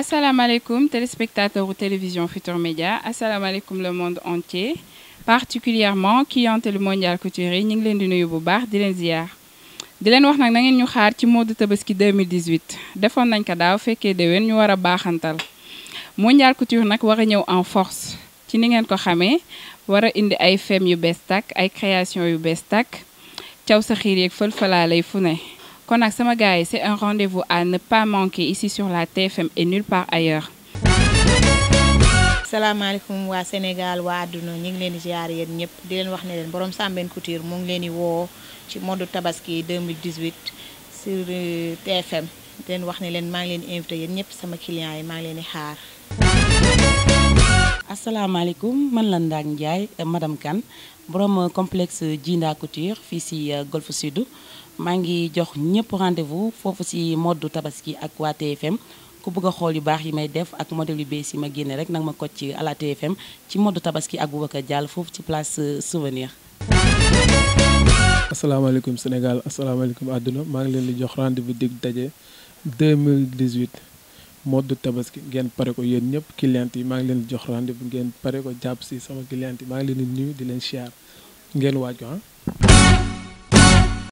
asalaamaaleykum téléspectateurs u télévision Futur Média asalaamaaleykum le monde entier particulièrement clientèle mondiale couture yi ñu ngi leen di nuyu bu baax di leen ziar di leen wax nag na ngeen ñu xaar ci mode tabaski 2018 defoon nañ ko daaw fekkee déwén ñu war a baaxantal mondial couture nag war a ñëw en force ci ni ngeen ko xamee war a indi ay fem yu bees tàkk ay création yu bees tàkk caw sa xiir yeeg fël-falaa lay fu ne kon nag sama gars yi c'est un rendez-vous à ne pas manquer ici sur la TFM et nulle part ailleurs. salaamaaleykum waa Sénégal waa àdduna ñu ngi leen di jaar yéen ñëpp di leen wax ne leen borom Sambène Couture mu ngi leen di woo ci mode tabaski 2018 sur euh, TFM di leen wax ne leen maa ngi leen di invité yéen ñëpp sama client yi maa ngi leen di xaar. asalaamaaleykum mën la Ndang njaay madame Kane borom complex Jinda Couture fii si euh, Golf Sud. maa ngi jox ñëpp rendez-vous foofu ci moddu tabaski ak waa TFM ku bëgg a xool yu baax yi may def ak modèle yu bees yi ma génne rek nag ma ko ci à la TFM ci moddu tabaski ak Boubacar Diallo foofu ci place euh, souvenir asalaamaaleykum Sénégal asalaamaaleykum àdduna maa ngi leen di jox rendez-vous dig daje 2018 mode tabaski ngeen pare ko yéen ñëpp client yi maa ngi leen di jox rendez-vous ngeen pare ko jàpp si sama client yi maa ngi leen di nuyu di leen siyaar ngeen waaj ko ah